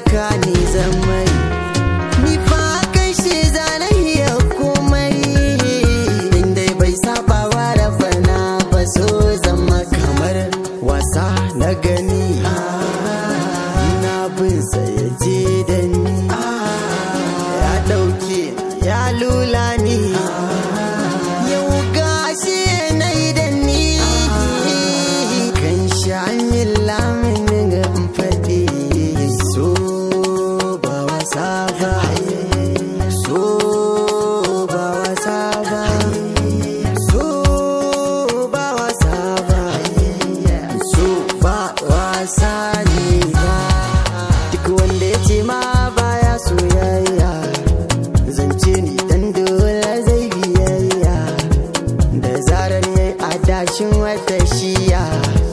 talaka ne zamai ni fa kai shi zana iya komai inda bai saba wa rabana ba so zama kamar wasa na gani na bin yaje ya cikin wata shiya